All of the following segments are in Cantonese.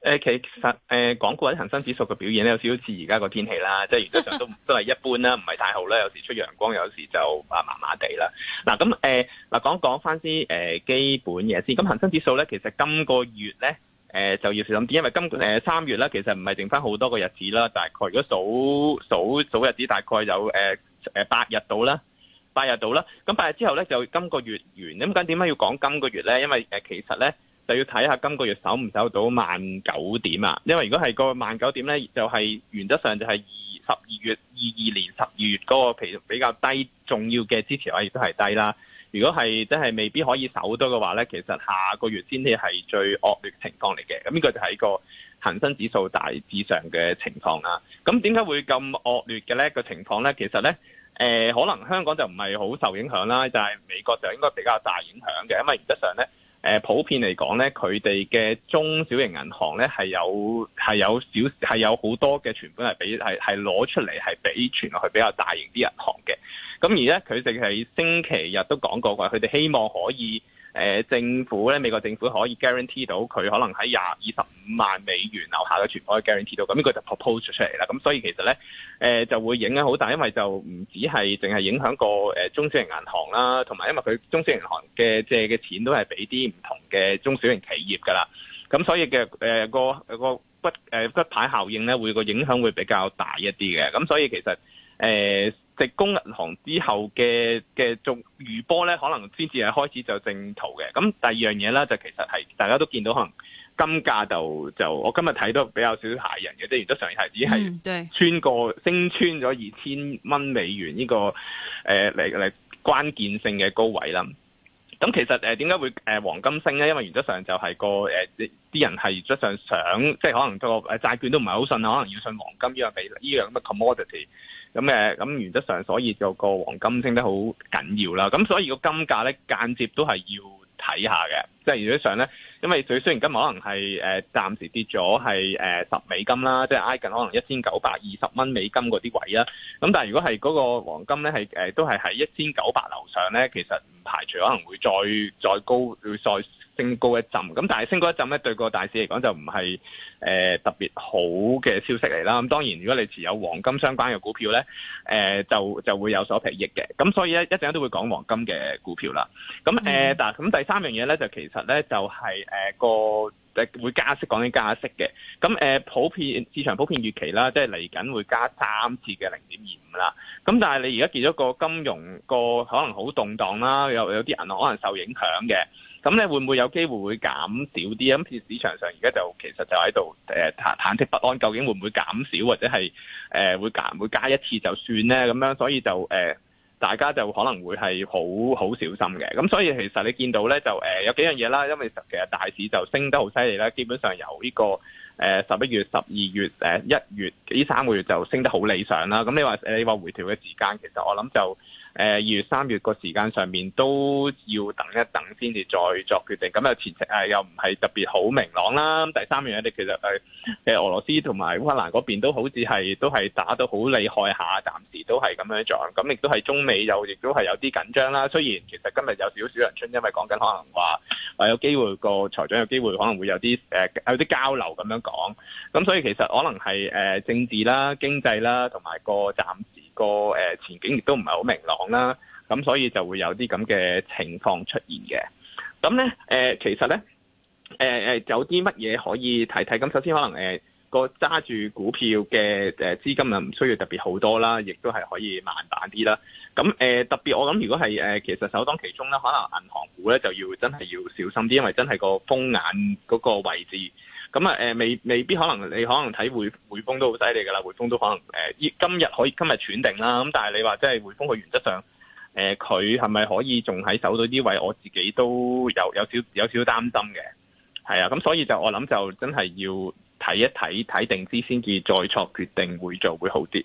誒，其實誒，講過或恒生指數嘅表現咧，有少少似而家個天氣啦，即係原則上都都係一般啦，唔係太好啦，有時出陽光，有時就啊麻麻地啦。嗱，咁誒，嗱，講講翻啲誒基本嘢先。咁恒生指數咧，其實今個月咧，誒就要小心啲，因為今誒三月呢，其實唔係剩翻好多個日子啦，大概如果數數數日子，大概有誒誒八日到啦，八日到啦。咁八日之後咧，就今個月完。咁解點解要講今個月咧？因為誒，其實咧。就要睇下今個月守唔守到萬九點啊？因為如果係個萬九點咧，就係原則上就係二十二月二二年十二月嗰個比較低重要嘅支持位亦都係低啦。如果係真係未必可以守到嘅話咧，其實下個月先至係最惡劣情況嚟嘅。咁呢個就係個恒生指數大致上嘅情況啦。咁點解會咁惡劣嘅咧？個情況咧，其實咧，呃，可能香港就唔係好受影響啦，但係美國就應該比較大影響嘅，因為原則上咧。誒普遍嚟講咧，佢哋嘅中小型銀行咧，係有係有少係有好多嘅存款係俾係係攞出嚟，係俾存落去比較大型啲銀行嘅，咁而咧佢哋喺星期日都講過話，佢哋希望可以。誒、呃、政府咧，美國政府可以 guarantee 到佢可能喺廿二十五萬美元樓下嘅存款，可以 guarantee 到，咁呢個就 propose 出嚟啦。咁所以其實咧，誒、呃、就會影響好大，因為就唔止係淨係影響個誒中小型銀行啦，同埋因為佢中小型銀行嘅借嘅錢都係俾啲唔同嘅中小型企業噶啦，咁所以嘅誒、呃、個個骨誒、呃、骨牌效應咧，會個影響會比較大一啲嘅。咁所以其實誒。呃直沽銀行之後嘅嘅續餘波咧，可能先至係開始就正途嘅。咁第二樣嘢咧，就其實係大家都見到可能金價就就我今日睇都比較少少嚇人嘅，即係如果上日係已經係穿過、嗯、升穿咗二千蚊美元呢個誒嚟嚟關鍵性嘅高位啦。咁其實誒點解會誒黃金升咧？因為原則上就係個誒啲人係原則上想，即係可能個債券都唔係好信，可能要信黃金呢個俾呢樣嘅 commodity、嗯。咁咁原則上，所以就個黃金升得好緊要啦。咁所以個金價咧間接都係要。睇下嘅，即係如果上咧，因為佢雖然今日可能係誒暫時跌咗係誒十美金啦，即係挨近可能一千九百二十蚊美金嗰啲位啦，咁但係如果係嗰個黃金咧係誒都係喺一千九百樓上咧，其實唔排除可能會再再高，會再升高一浸，咁但係升高一浸咧，對個大市嚟講就唔係誒特別好嘅消息嚟啦。咁當然，如果你持有黃金相關嘅股票咧，誒、呃、就就會有所裨益嘅。咁所以咧，一陣都會講黃金嘅股票啦。咁誒，嗱、呃，咁、嗯、第三樣嘢咧，就其實咧就係誒個會加息，講緊加息嘅。咁誒、呃，普遍市場普遍預期啦，即係嚟緊會加三次嘅零點二五啦。咁但係你而家見咗個金融個可能好動盪啦，有有啲銀行可能受影響嘅。咁你會唔會有機會會減少啲啊？咁市市場上而家就其實就喺度誒忐忐忑不安，究竟會唔會減少或者係誒、呃、會減會加一次就算咧？咁樣所以就誒、呃、大家就可能會係好好小心嘅。咁所以其實你見到咧就誒、呃、有幾樣嘢啦，因為其實大市就升得好犀利啦，基本上由呢、這個誒十一月、十二月、誒、呃、一月呢三個月就升得好理想啦。咁你話你話回調嘅時間，其實我諗就。誒、呃、二月三月個時間上面都要等一等先至再作決定，咁啊前程、呃、又唔係特別好明朗啦。咁第三樣嘢，你其實係俄羅斯同埋烏克蘭嗰邊都好似係都係打到好厲害下，暫時都係咁樣做。咁，亦都係中美又亦都係有啲緊張啦。雖然其實今日有少少人春，因為講緊可能話、呃、有機會個財長有機會可能會有啲誒、呃、有啲交流咁樣講，咁所以其實可能係、呃、政治啦、經濟啦同埋個暫時。個誒前景，亦都唔係好明朗啦，咁所以就會有啲咁嘅情況出現嘅。咁咧誒，其實咧誒誒，呃、有啲乜嘢可以睇睇？咁首先可能誒個揸住股票嘅誒資金啊，唔需要特別好多啦，亦都係可以慢板啲啦。咁誒、呃、特別我諗，如果係誒、呃、其實首當其衝咧，可能銀行股咧就要真係要小心啲，因為真係個風眼嗰個位置。咁啊、呃，未未必可能，你可能睇匯匯豐都好犀利㗎啦，匯豐都可能、呃、今日可以今日斷定啦。咁但係你話即係匯豐佢原則上，誒、呃，佢係咪可以仲喺守到呢位，我自己都有有少有少擔心嘅，係啊。咁所以就我諗就真係要睇一睇睇定之先先至再作決定會做會好啲。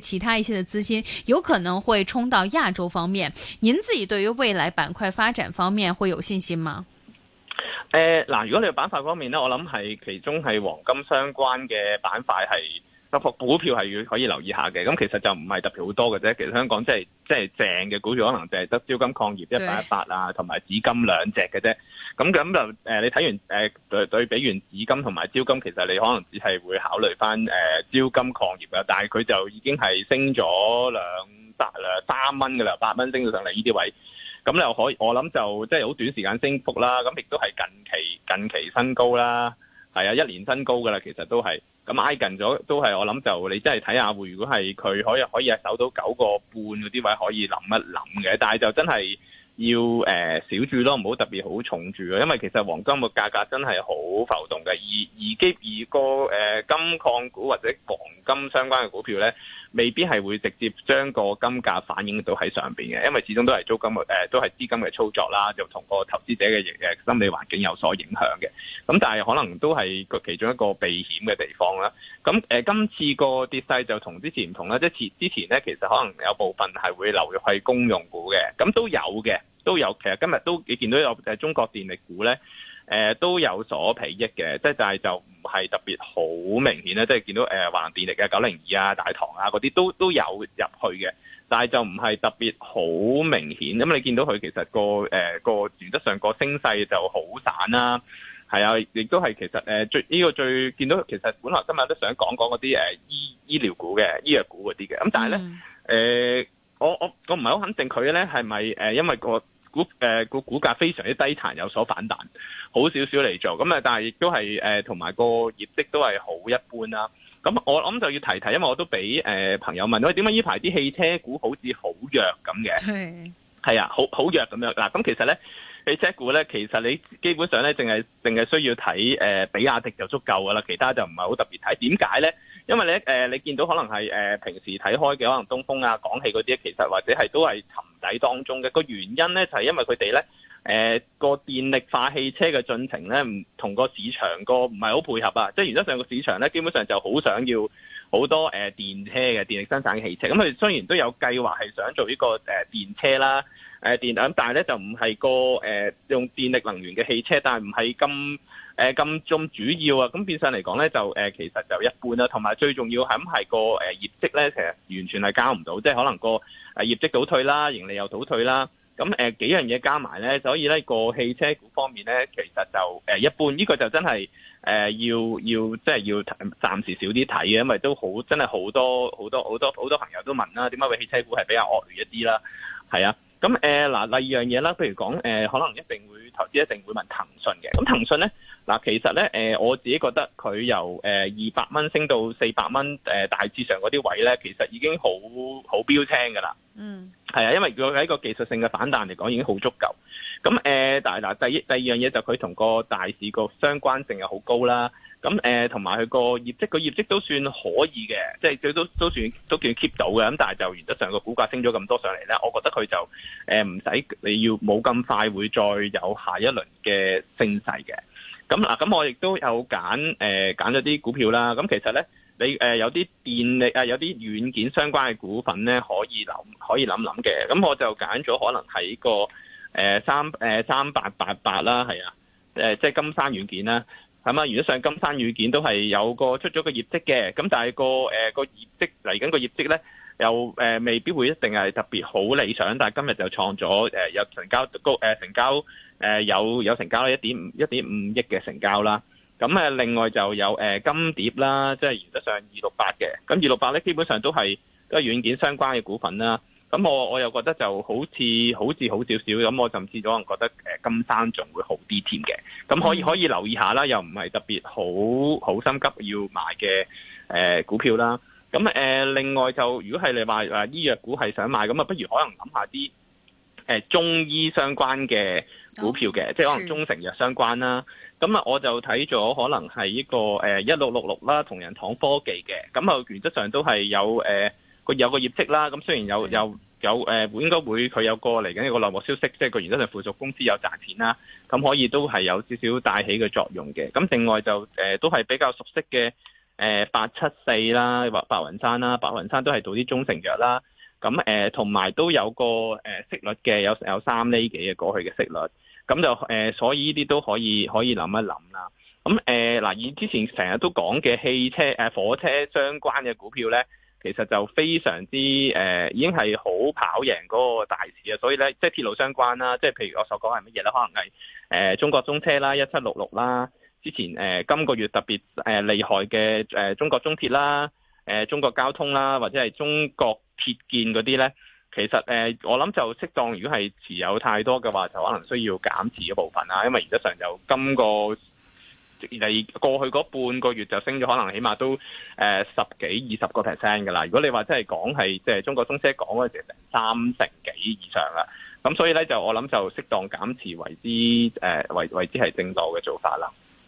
其他一些的資金有可能會衝到亞洲方面，您自己對於未來板塊發展方面會有信心嗎？誒，嗱，如果你嘅板塊方面呢，我諗係其中係黃金相關嘅板塊係。幅股票係要可以留意下嘅，咁其實就唔係特別好多嘅啫。其實香港即係即係正嘅股票，估計可能就係得招金礦業一八一八啊，同埋紫金兩隻嘅啫。咁咁就、呃、你睇完誒、呃、對，對比完紫金同埋招金，其實你可能只係會考慮翻誒招金礦業嘅，但係佢就已經係升咗兩百兩三蚊嘅啦，八蚊升到上嚟呢啲位。咁又可以，我諗就即係好短時間升幅啦。咁亦都係近期近期新高啦。係啊，一年新高噶啦，其實都係咁挨近咗，都係我諗就你真係睇下會，如果係佢可以可以係守到九個半嗰啲位，可以諗一諗嘅，但係就真係要誒、呃、少住咯，唔好特別好重住咯，因為其實黃金個價格真係好浮動嘅，而而兼而個誒金礦股或者黃金相關嘅股票呢。未必係會直接將個金價反映到喺上邊嘅，因為始終都係租金嘅，誒都係資金嘅操作啦，就同個投資者嘅誒心理環境有所影響嘅。咁但係可能都係個其中一個避險嘅地方啦。咁誒、呃，今次個跌勢就同之前唔同啦，即係之之前咧，其實可能有部分係會流入去公用股嘅，咁都有嘅，都有。其實今日都見到有誒中國電力股咧，誒、呃、都有所裨益嘅，即係但係就是。唔係特別好明顯咧，即係見到誒、呃、華能電力嘅九零二啊、大唐啊嗰啲都都有入去嘅，但係就唔係特別好明顯。咁你見到佢其實、那個誒、呃、個原則上個升勢就好散啦，係啊，亦、啊、都係其實誒、呃、最呢、這個最見到其實本來今日都想講講嗰啲誒醫醫療股嘅醫藥股嗰啲嘅，咁但係咧誒我我我唔係好肯定佢咧係咪誒因為、那個。股誒個股價非常之低殘，有所反彈，好少少嚟做咁啊！但係亦都係誒同埋個業績都係好一般啦。咁我我諗就要提提，因為我都俾誒朋友問喂，點解依排啲汽車股好似好弱咁嘅？係啊，好好弱咁樣嗱。咁其實咧，汽車股咧，其實你基本上咧，淨係淨係需要睇誒、呃、比亞迪就足夠噶啦，其他就唔係好特別睇。點解咧？因為咧誒、呃，你見到可能係誒平時睇開嘅，可能東風啊、廣汽嗰啲，其實或者係都係底當中嘅個原因咧，就係因為佢哋咧，誒個電力化汽車嘅進程咧，唔同個市場個唔係好配合啊！即係原則上個市場咧，基本上就好想要好多誒電車嘅電力生產汽車，咁佢哋雖然都有計劃係想做呢個誒電車啦。誒，電量，但係咧就唔係個誒用電力能源嘅汽車，但係唔係咁誒咁咁主要啊。咁變相嚟講咧就誒，其實就一般啦。同埋最重要係咁係個誒業績咧，其實完全係交唔到，即係可能個誒業績倒退啦，盈利又倒退啦。咁誒幾樣嘢加埋咧，所以咧個汽車股方面咧，其實就誒一般。呢個就真係誒要要即係要暫時少啲睇啊，因為都好真係好多好多好多好多朋友都問啦，點解個汽車股係比較惡劣一啲啦？係啊。咁誒嗱，第二樣嘢啦，譬如講可能一定會投資，一定會問騰訊嘅。咁騰訊咧，嗱其實咧我自己覺得佢由誒二百蚊升到四百蚊，大致上嗰啲位咧，其實已經好好標青㗎啦。嗯，係啊，因為佢喺個技術性嘅反彈嚟講已經好足夠。咁誒，但係嗱，第一、第二樣嘢就佢同個大市個相關性係好高啦。咁誒，同埋佢個業績，個業績都算可以嘅，即係佢都，都算都叫 keep 到嘅。咁但係就原則上個股價升咗咁多上嚟咧，我覺得佢就誒唔使你要冇咁快會再有下一輪嘅升勢嘅。咁嗱，咁我亦都有揀誒揀咗啲股票啦。咁其實咧，你誒、呃、有啲電力啊、呃，有啲軟件相關嘅股份咧，可以諗可以諗諗嘅。咁我就揀咗可能喺個誒、呃、三、呃、三八八八啦，係啊，呃、即係金山軟件啦。係嘛？原則上，金山軟件都係有個出咗個業績嘅，咁但係個誒個業績嚟緊個業績咧，又誒未必會一定係特別好理想，但係今日就創咗誒有成交高誒成交誒有有成交啦，一點一點五億嘅成交啦。咁誒，另外就有誒金蝶啦，即係原則上二六八嘅，咁二六八咧，基本上都係都係軟件相關嘅股份啦。咁我我又覺得就好似好似好少少，咁我甚至可能覺得金山仲會好啲添嘅，咁可以可以留意下啦，又唔係特別好好心急要買嘅誒、欸、股票啦。咁誒、欸、另外就如果係你話誒醫藥股係想買，咁啊不如可能諗下啲誒中醫相關嘅股票嘅、哦，即係可能中成藥相關啦。咁啊我就睇咗可能係呢個誒一六六六啦，同仁堂科技嘅，咁啊原則上都係有誒。欸佢有個業績啦，咁雖然有有有誒，應該會佢有過嚟嘅一個內幕消息，即係佢而家就附屬公司有賺錢啦，咁可以都係有少少帶起嘅作用嘅。咁另外就誒、呃、都係比較熟悉嘅誒、呃、八七四啦，或白雲山啦，白雲山都係做啲中成藥啦。咁誒同埋都有個誒息率嘅，有有三厘幾嘅過去嘅息率。咁就誒、呃、所以呢啲都可以可以諗一諗啦。咁誒嗱以之前成日都講嘅汽車火車相關嘅股票咧。其實就非常之誒、呃，已經係好跑贏嗰個大市啊！所以咧，即係鐵路相關啦，即係譬如我所講係乜嘢咧，可能係誒、呃、中國中車啦、一七六六啦，之前誒、呃、今個月特別誒、呃、厲害嘅誒、呃、中國中鐵啦、誒、呃、中國交通啦，或者係中國鐵建嗰啲咧，其實誒、呃、我諗就適當，如果係持有太多嘅話，就可能需要減持一部分啦，因為而家上就今個嚟過去嗰半個月就升咗，可能起碼都誒十幾二十個 percent 㗎啦。如果你話真係講係即係中國中車講嗰陣，成三成幾以上啦。咁所以咧就我諗就適當減持為之誒為為之係正道嘅做法啦。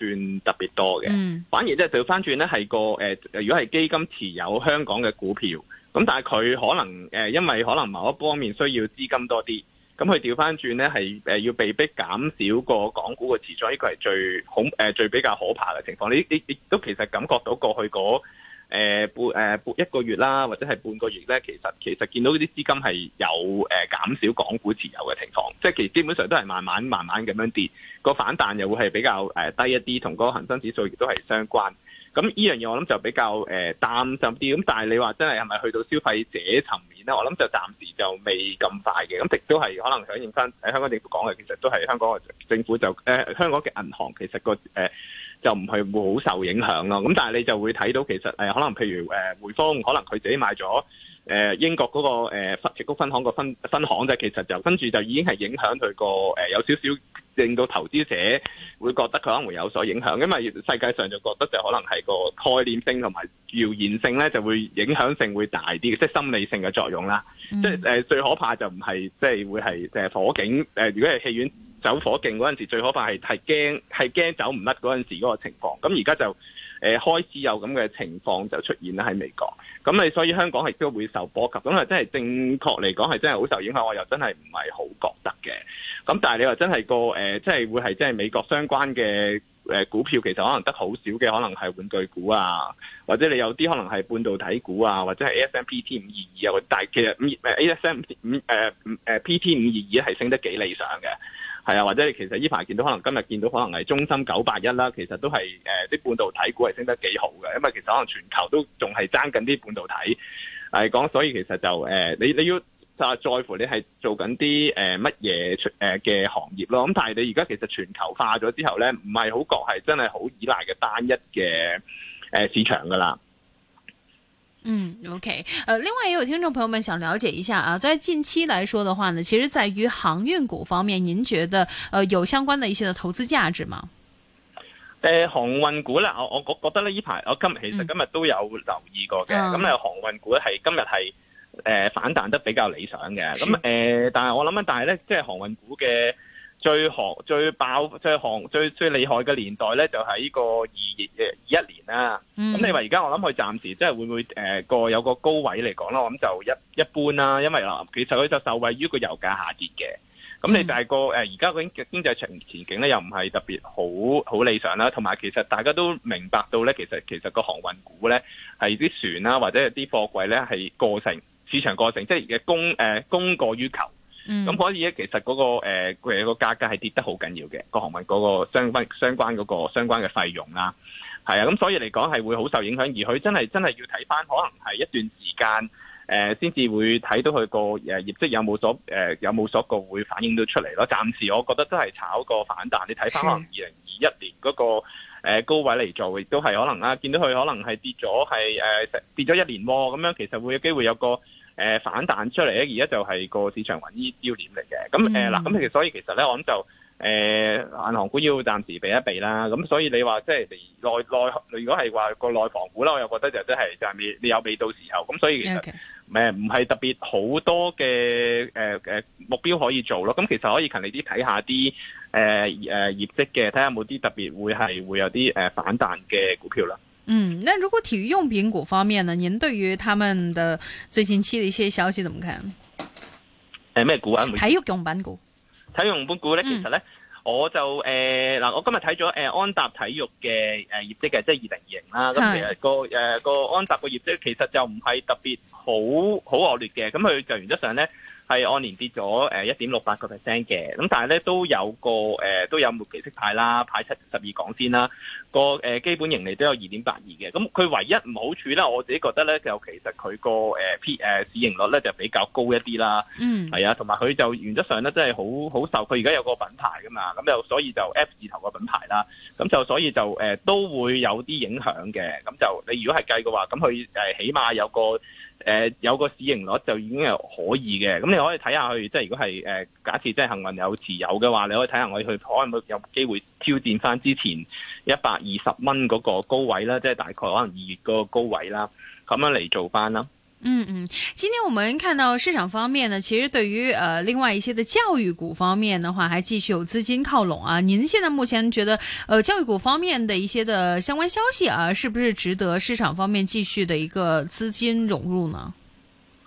算特別多嘅、嗯，反而即係調翻轉，咧，係個誒、呃，如果係基金持有香港嘅股票，咁、嗯、但係佢可能誒、呃，因為可能某一方面需要資金多啲，咁佢調翻轉咧係要被迫減少個港股嘅持倉。呢、呢個係最恐、呃、最比較可怕嘅情況。你你，你都其實感覺到過去嗰。誒半誒半一個月啦，或者係半個月咧，其實其實見到啲資金係有誒減、呃、少港股持有嘅情況，即係其實基本上都係慢慢慢慢咁樣跌，個反彈又會係比較誒低一啲，同嗰個恆生指數亦都係相關。咁呢樣嘢我諗就比較誒擔心啲，咁、呃、但係你話真係係咪去到消費者層面咧？我諗就暫時就未咁快嘅，咁亦都係可能響應翻喺香港政府講嘅，其實都係香港嘅政府就誒、呃、香港嘅銀行其實個誒。呃就唔係會好受影響咯，咁但係你就會睇到其實誒可能譬如誒匯豐可能佢自己買咗誒英國嗰、那個誒矽、呃、谷分行個分分行啫，其實就跟住就已經係影響佢個誒有少少令到投資者會覺得佢可能會有所影響，因為世界上就覺得就可能係個概念性同埋謠言性咧，就會影響性會大啲嘅，即、就、係、是、心理性嘅作用啦、嗯。即係、呃、最可怕就唔係即係會係誒火警誒、呃，如果係戲院。走火勁嗰陣時，最可怕係係驚係驚走唔甩嗰陣時嗰個情況。咁而家就誒、呃、開始有咁嘅情況就出現啦喺美國。咁你所以香港亦都會受波及。咁啊，真係正確嚟講係真係好受影響。我又真係唔係好覺得嘅。咁但係你話真係個誒，即、呃、係會係即係美國相關嘅股票，其實可能得好少嘅，可能係玩具股啊，或者你有啲可能係半導體股啊，或者係 A S M P T 五二二啊。但係其實 A S M 五、呃、P T 五二二係升得幾理想嘅。係啊，或者你其實依排見到，可能今日見到，可能係中心九八一啦。其實都係啲、呃、半導體股係升得幾好嘅，因為其實可能全球都仲係爭緊啲半導體係講、呃，所以其實就誒你、呃、你要啊在乎你係做緊啲乜嘢嘅行業咯。咁但係你而家其實全球化咗之後咧，唔係好覺係真係好依賴嘅單一嘅、呃、市場㗎啦。嗯，OK，呃，另外也有聽眾朋友們想了解一下啊，在近期來說的話呢，其實在於航運股方面，您覺得、呃、有相關的一些的投資價值嗎？誒、呃，航運股呢，我我覺得呢，呢排我今日其實今日都有留意過嘅，咁、嗯、咧、呃、航運股係今日係誒反彈得比較理想嘅，咁、呃、誒，但係我諗咧，但係咧即係航運股嘅。最行最爆最行最最厲害嘅年代咧，就喺個二二誒二一年啦。咁你話而家我諗佢暫時即係會唔會誒個有個高位嚟講，我諗就一一般啦。因為啊，其實佢就受惠於個油價下跌嘅。咁你大個誒而家個經濟情前景咧，又唔係特別好好理想啦。同埋其實大家都明白到咧，其實其實個航運股咧係啲船啦，或者啲貨櫃咧係過剩，市場過剩，即係供誒供過於求。嗯，咁所以咧，其實嗰個誒個價格係跌得好緊要嘅，個航運嗰個相關相關嗰個相關嘅費用啦，係啊，咁所以嚟講係會好受影響，而佢真係真係要睇翻，可能係一段時間誒，先至會睇到佢個誒業績有冇所誒、呃、有冇所個會反映到出嚟咯。暫時我覺得都係炒個反彈，你睇翻可能二零二一年嗰個誒高位嚟做，亦都係可能啦。見到佢可能係跌咗係跌咗一年喎，咁樣其實會有機會有個，誒反彈出嚟咧，而家就係個市場揾依啲焦點嚟嘅。咁誒嗱，咁其實所以其實咧，我諗就誒、呃、銀行股要暫時避一避啦。咁所以你話即係內內，如果係話個內房股啦，我又覺得就真、係、係就係、係、未你有未到時候。咁所以其實誒唔係特別好多嘅誒誒目標可以做咯。咁其實可以勤力啲睇下啲誒誒業績嘅，睇下有冇啲特別會係會有啲誒反彈嘅股票啦。嗯，那如果體育用品股方面呢？您對於他們的最近期的一些消息怎麼看？誒、呃、咩股啊？還有體育用品股，體育用品股咧，嗯，其實咧，我就誒嗱、呃，我今日睇咗誒安踏體育嘅誒、呃、業績嘅，即係二零二零啦。咁其實個誒、呃、個安踏個業績其實就唔係特別好好惡劣嘅，咁佢就原則上咧。係按年跌咗誒一點六八個 percent 嘅，咁但係咧都有個誒都有末期息派啦，派七十二港仙啦，個誒基本盈利都有二點八二嘅，咁佢唯一唔好處咧，我自己覺得咧就其實佢個誒 P 誒市盈率咧就比較高一啲啦，嗯，係啊，同埋佢就原則上咧真係好好受，佢而家有個品牌噶嘛，咁又所以就 F 字頭個品牌啦，咁就所以就誒都會有啲影響嘅，咁就你如果係計嘅話，咁佢誒起碼有個。誒、呃、有個市盈率就已經係可以嘅，咁你可以睇下去，即係如果係、呃、假設即係幸運有持有嘅話，你可以睇下我哋去可能會有機會挑戰翻之前一百二十蚊嗰個高位啦，即係大概可能二月嗰個高位啦，咁樣嚟做翻啦。嗯嗯，今天我們看到市場方面呢，其實對於，呃，另外一些的教育股方面的話，還繼續有資金靠攏啊。您現在目前覺得，呃，教育股方面的一些的相關消息啊，是不是值得市場方面繼續的一個資金融入呢？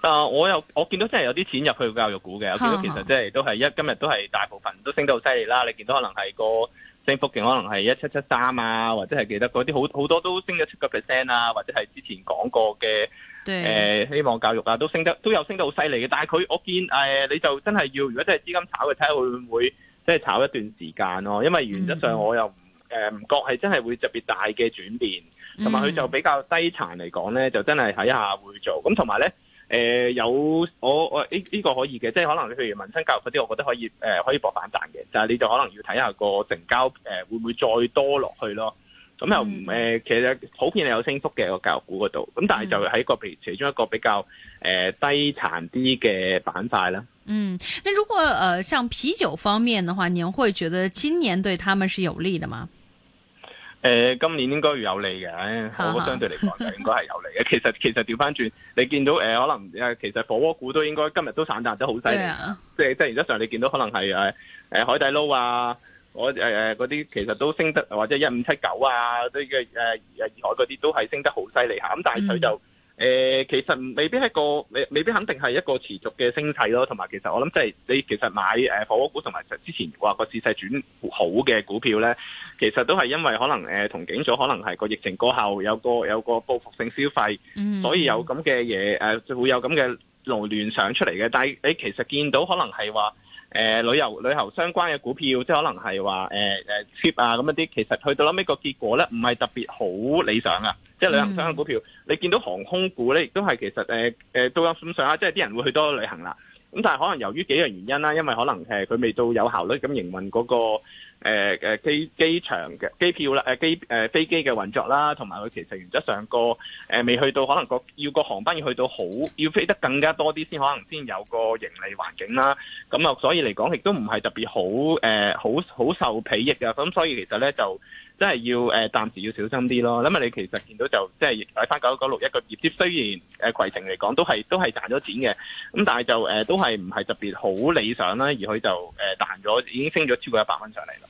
啊，我有我見到真係有啲錢入去教育股嘅，我見到其實真係都係一今日都係大部分都升得好犀利啦。你見到可能係個升幅勁，可能係一七七三啊，或者係記得嗰啲好好多都升咗七個 percent 啊，或者係之前講過嘅。誒、呃，希望教育啊，都升得都有升得好犀利嘅，但係佢我見誒、呃，你就真係要如果真係資金炒嘅，睇下會唔會即係炒一段時間咯。因為原則上我又誒唔覺係真係會特別大嘅轉變，同埋佢就比較低殘嚟講咧，就真係睇下會做。咁同埋咧，誒有,、呃、有我我呢呢個可以嘅，即係可能你譬如民生教育嗰啲，我覺得可以誒、呃、可以搏反彈嘅，就係、是、你就可能要睇下個成交誒會唔會再多落去咯。咁又唔其實普遍係有升幅嘅個教育股嗰度，咁但係就喺個譬如其中一個比較誒、呃、低殘啲嘅板塊啦。嗯，那如果誒、呃，像啤酒方面嘅話，您會覺得今年對他們是有利嘅嗎？誒、呃，今年應該有利嘅，我覺得相對嚟講就應該係有利嘅。 其實其實調翻轉，你見到誒，可能誒其實火鍋股都應該今日都散彈得好犀利，即係即係，實際上你見到可能係誒誒海底撈啊。我誒誒嗰啲其實都升得或者一五七九啊，啲個誒誒以外啲都係、呃、升得好犀利嚇，咁但係佢就誒、mm. 呃、其實未必係一個，未未必肯定係一個持續嘅升勢咯。同埋其實我諗即係你其實買、呃、火鍋股同埋之前話個市勢轉好嘅股票咧，其實都係因為可能、呃、同警咗，可能係個疫情過後有個有個報復性消費，mm. 所以有咁嘅嘢就會有咁嘅流聯想出嚟嘅。但係你其實見到可能係話。誒、呃、旅遊旅遊相關嘅股票，即係可能係話誒 c trip 啊咁一啲，其實去到臨尾個結果咧，唔係特別好理想啊！即係旅行社股票，mm. 你見到航空股咧，亦都係其實誒、呃、都有咁上下，即係啲人會去多旅行啦。咁但係可能由於幾樣原因啦，因為可能誒佢未到有效率咁營運嗰、那個。誒、呃、誒機機場嘅機票啦，誒、呃、機誒、呃、飛機嘅運作啦，同埋佢其實原則上個誒、呃、未去到可能個要個航班要去到好，要飛得更加多啲先可能先有個盈利環境啦。咁啊，所以嚟講亦都唔係特別好誒、呃，好好受鄙益㗎。咁所以其實呢就。即係要誒、呃，暫時要小心啲咯。咁啊，你其實見到就即係睇返九九六一個業績，雖然誒攜程嚟講都係都係賺咗錢嘅，咁但係就誒、呃、都係唔係特別好理想啦。而佢就誒彈咗，已經升咗超過一百蚊上嚟啦。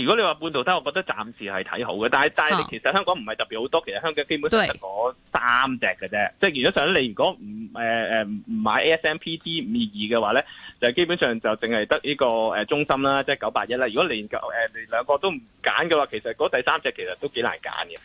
如果你半途話半導體，我覺得暫時係睇好嘅，但係但係其實香港唔係特別好多，其實香港基本得嗰三隻嘅啫，即係如果想你如果唔唔買 ASMPT 五二二嘅話咧，就基本上就淨係得呢個中芯啦，即係九八一啦。如果你九誒兩個都唔揀嘅話，其實嗰第三隻其實都幾難揀嘅。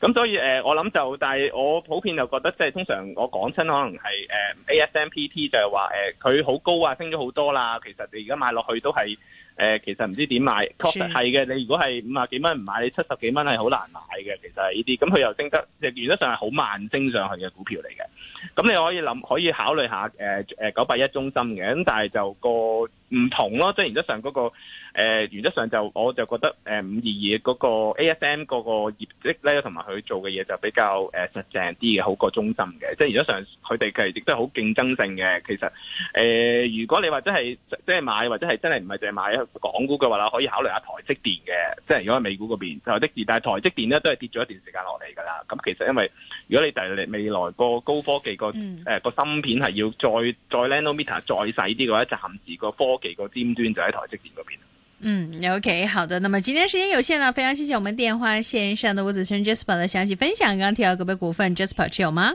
咁所以誒、呃、我諗就，但係我普遍就覺得，即、就、係、是、通常我講親可能係誒、呃、ASMPT 就係話誒佢好高啊，升咗好多啦。其實你而家買落去都係誒、呃、其實唔知點買，確實係嘅。你如果係五十幾蚊唔買，你七十幾蚊係好難買嘅。其實係呢啲，咁佢又升得即係原則上係好慢升上去嘅股票嚟嘅。咁你可以諗，可以考慮下誒誒、呃呃、九八一中心嘅，咁但係就個唔同咯，即係原則上嗰、那個誒、呃，原則上就我就覺得誒、呃、五二二嗰個 ASM 嗰個業績咧，同埋佢做嘅嘢就比較誒、呃、實正啲嘅，好過中心嘅，即係原則上佢哋其實亦都係好競爭性嘅。其實誒、呃，如果你話真係即係買或者係真係唔係淨係買港股嘅話啦，可以考慮下台積電嘅，即係如果喺美股嗰邊台積電，但係台積電咧都係跌咗一段時間落嚟噶啦。咁其實因為如果你就係未來個高科技個誒個芯片係要再再 nano meter 再細啲嘅話，暫時個科技個尖端就喺台積電嗰邊。嗯，okay，好的。那麼今天時間有限啦，非常謝謝我們電話線上的吳子軒 Jasper 的詳細分享。剛剛提到個別股份 Jasper 持有嗎？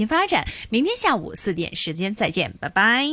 發展，明天下午四點時間再見，拜拜。